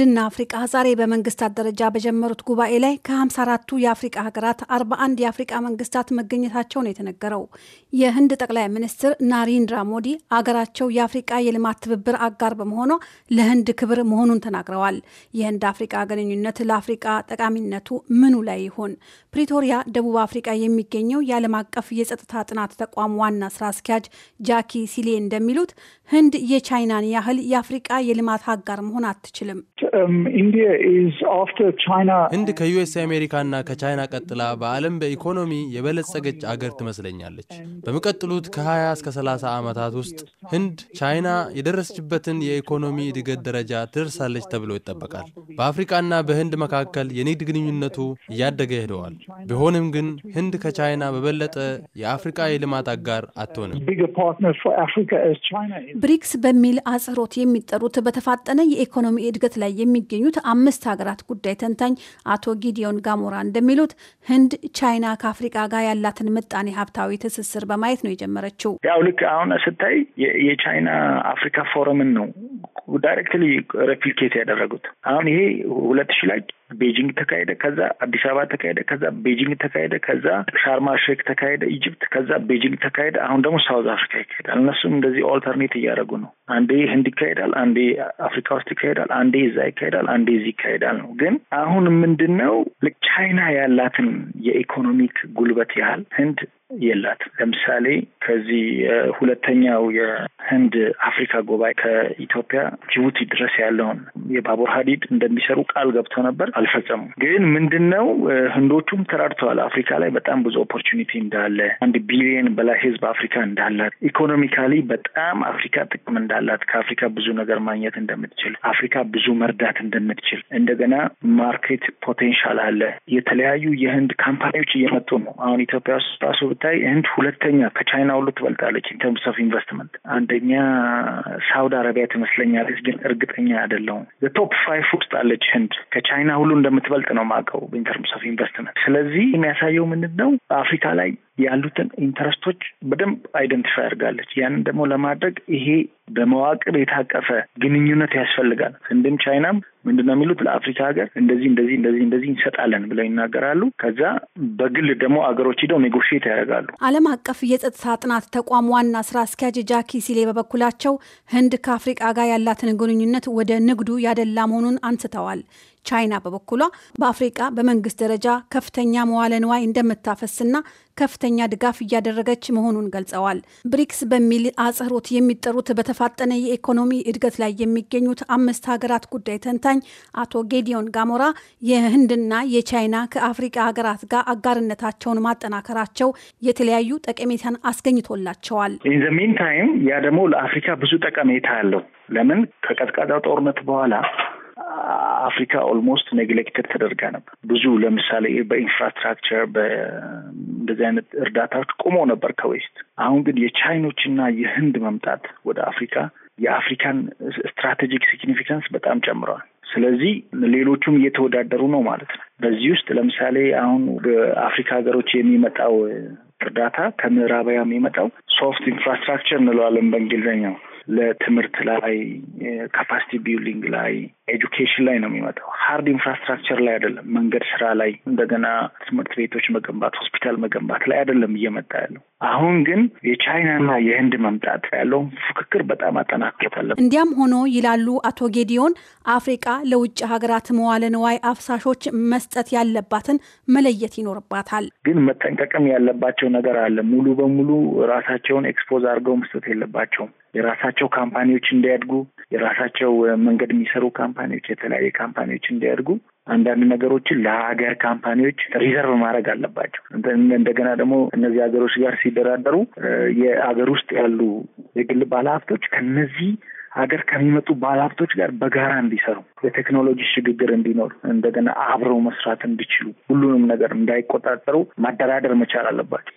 ህንድና አፍሪቃ ዛሬ በመንግስታት ደረጃ በጀመሩት ጉባኤ ላይ ከ54ቱ የአፍሪቃ ሀገራት 41 የአፍሪቃ መንግስታት መገኘታቸውን የተነገረው የህንድ ጠቅላይ ሚኒስትር ናሪንድራ ሞዲ አገራቸው የአፍሪቃ የልማት ትብብር አጋር በመሆኗ ለህንድ ክብር መሆኑን ተናግረዋል። የህንድ አፍሪቃ ግንኙነት ለአፍሪቃ ጠቃሚነቱ ምኑ ላይ ይሆን? ፕሪቶሪያ፣ ደቡብ አፍሪቃ የሚገኘው የዓለም አቀፍ የጸጥታ ጥናት ተቋም ዋና ስራ አስኪያጅ ጃኪ ሲሌ እንደሚሉት ህንድ የቻይናን ያህል የአፍሪቃ የልማት አጋር መሆን አትችልም። Um, ህንድ ከዩኤስ አሜሪካና ከቻይና ቀጥላ በዓለም በኢኮኖሚ የበለጸገች አገር ትመስለኛለች። በሚቀጥሉት ከ20 እስከ 30 ዓመታት ውስጥ ህንድ ቻይና የደረሰችበትን የኢኮኖሚ እድገት ደረጃ ትደርሳለች ተብሎ ይጠበቃል። በአፍሪቃና በህንድ መካከል የንግድ ግንኙነቱ እያደገ ሄደዋል። ቢሆንም ግን ህንድ ከቻይና በበለጠ የአፍሪቃ የልማት አጋር አትሆንም። ብሪክስ በሚል አጽሮት የሚጠሩት በተፋጠነ የኢኮኖሚ እድገት ላይ የሚገኙት አምስት ሀገራት ጉዳይ ተንታኝ አቶ ጊዲዮን ጋሞራ እንደሚሉት ህንድ ቻይና ከአፍሪቃ ጋር ያላትን ምጣኔ ሀብታዊ ትስስር በማየት ነው የጀመረችው። ያው ልክ አሁን ስታይ የቻይና አፍሪካ ፎረምን ነው ዳይሬክትሊ ሬፕሊኬት ያደረጉት። አሁን ይሄ ሁለት ሺ ላይ ቤጂንግ ተካሄደ፣ ከዛ አዲስ አበባ ተካሄደ፣ ከዛ ቤጂንግ ተካሄደ፣ ከዛ ሻርማ ሼክ ተካሄደ ኢጅፕት፣ ከዛ ቤጂንግ ተካሄደ። አሁን ደግሞ ሳውዝ አፍሪካ ይካሄዳል። እነሱም እንደዚህ ኦልተርኔት እያደረጉ ነው። አንዴ ህንድ ይካሄዳል፣ አንዴ አፍሪካ ውስጥ ይካሄዳል፣ አንዴ እዛ ይካሄዳል፣ አንዴ እዚህ ይካሄዳል ነው። ግን አሁን ምንድን ነው ልክ ቻይና ያላትን የኢኮኖሚክ ጉልበት ያህል ህንድ የላት ለምሳሌ ከዚህ ሁለተኛው የህንድ አፍሪካ ጉባኤ ከኢትዮጵያ ጅቡቲ ድረስ ያለውን የባቡር ሀዲድ እንደሚሰሩ ቃል ገብተው ነበር፣ አልፈጸሙም። ግን ምንድን ነው ህንዶቹም ተራድተዋል። አፍሪካ ላይ በጣም ብዙ ኦፖርቹኒቲ እንዳለ፣ አንድ ቢሊየን በላይ ህዝብ አፍሪካ እንዳላት፣ ኢኮኖሚካሊ በጣም አፍሪካ ጥቅም እንዳላት፣ ከአፍሪካ ብዙ ነገር ማግኘት እንደምትችል፣ አፍሪካ ብዙ መርዳት እንደምትችል፣ እንደገና ማርኬት ፖቴንሻል አለ። የተለያዩ የህንድ ካምፓኒዎች እየመጡ ነው። አሁን ኢትዮጵያ ውስጥ ራሱ ስታይ ህንድ ሁለተኛ ከቻይና ሁሉ ትበልጣለች ኢንተርምስ ኦፍ ኢንቨስትመንት። አንደኛ ሳውዲ አረቢያ ትመስለኛለች፣ ግን እርግጠኛ አይደለሁም። ቶፕ ፋይፍ ውስጥ አለች ህንድ። ከቻይና ሁሉ እንደምትበልጥ ነው የማውቀው ኢንተርምስ ኦፍ ኢንቨስትመንት። ስለዚህ የሚያሳየው ምንድን ነው አፍሪካ ላይ ያሉትን ኢንተረስቶች በደንብ አይደንቲፋይ አድርጋለች። ያንን ደግሞ ለማድረግ ይሄ በመዋቅር የታቀፈ ግንኙነት ያስፈልጋል። ህንድም ቻይናም ምንድን ነው የሚሉት ለአፍሪካ ሀገር እንደዚህ እንደዚህ እንደዚህ እንደዚህ እንሰጣለን ብለው ይናገራሉ። ከዛ በግል ደግሞ አገሮች ሂደው ኔጎሽት ያደርጋሉ። ዓለም አቀፍ የጸጥታ ጥናት ተቋም ዋና ስራ አስኪያጅ ጃኪ ሲሌ በበኩላቸው ህንድ ከአፍሪቃ ጋር ያላትን ግንኙነት ወደ ንግዱ ያደላ መሆኑን አንስተዋል። ቻይና በበኩሏ በአፍሪቃ በመንግስት ደረጃ ከፍተኛ መዋለ ንዋይ እንደምታፈስና ከፍተኛ ድጋፍ እያደረገች መሆኑን ገልጸዋል። ብሪክስ በሚል አጽህሮት የሚጠሩት በተፋጠነ የኢኮኖሚ እድገት ላይ የሚገኙት አምስት ሀገራት ጉዳይ ተንታ ተንታኝ አቶ ጌዲዮን ጋሞራ የህንድና የቻይና ከአፍሪቃ ሀገራት ጋር አጋርነታቸውን ማጠናከራቸው የተለያዩ ጠቀሜታን አስገኝቶላቸዋል። ኢን ታይም ያ ደግሞ ለአፍሪካ ብዙ ጠቀሜታ አለው። ለምን ከቀዝቃዛው ጦርነት በኋላ አፍሪካ ኦልሞስት ኔግሌክትድ ተደርጋ ነበር። ብዙ ለምሳሌ በኢንፍራስትራክቸር በእንደዚህ አይነት እርዳታዎች ቁሞ ነበር ከዌስት። አሁን ግን የቻይኖች የህንድ መምጣት ወደ አፍሪካ የአፍሪካን ስትራቴጂክ ሲግኒፊካንስ በጣም ጨምረዋል። ስለዚህ ሌሎቹም እየተወዳደሩ ነው ማለት ነው። በዚህ ውስጥ ለምሳሌ አሁን በአፍሪካ ሀገሮች የሚመጣው እርዳታ ከምዕራባያ የሚመጣው ሶፍት ኢንፍራስትራክቸር እንለዋለን በእንግሊዝኛው ለትምህርት ላይ ካፓሲቲ ቢልዲንግ ላይ ኤጁኬሽን ላይ ነው የሚመጣው። ሀርድ ኢንፍራስትራክቸር ላይ አይደለም። መንገድ ስራ ላይ፣ እንደገና ትምህርት ቤቶች መገንባት፣ ሆስፒታል መገንባት ላይ አይደለም እየመጣ ያለው። አሁን ግን የቻይናና የህንድ መምጣት ያለውን ፉክክር በጣም አጠናክሮታል። እንዲያም ሆኖ ይላሉ አቶ ጌዲዮን፣ አፍሪቃ ለውጭ ሀገራት መዋለ ንዋይ አፍሳሾች መስጠት ያለባትን መለየት ይኖርባታል። ግን መጠንቀቅም ያለባቸው ነገር አለ። ሙሉ በሙሉ ራሳቸውን ኤክስፖዝ አድርገው መስጠት የለባቸውም። የራሳቸው ካምፓኒዎች እንዲያድጉ የራሳቸው መንገድ የሚሰሩ ካምፓኒዎች፣ የተለያየ ካምፓኒዎች እንዲያድጉ አንዳንድ ነገሮችን ለሀገር ካምፓኒዎች ሪዘርቭ ማድረግ አለባቸው። እንደገና ደግሞ እነዚህ ሀገሮች ጋር ሲደራደሩ የሀገር ውስጥ ያሉ የግል ባለሀብቶች ከነዚህ ሀገር ከሚመጡ ባለሀብቶች ጋር በጋራ እንዲሰሩ የቴክኖሎጂ ሽግግር እንዲኖር እንደገና አብረው መስራት እንዲችሉ ሁሉንም ነገር እንዳይቆጣጠሩ ማደራደር መቻል አለባቸው።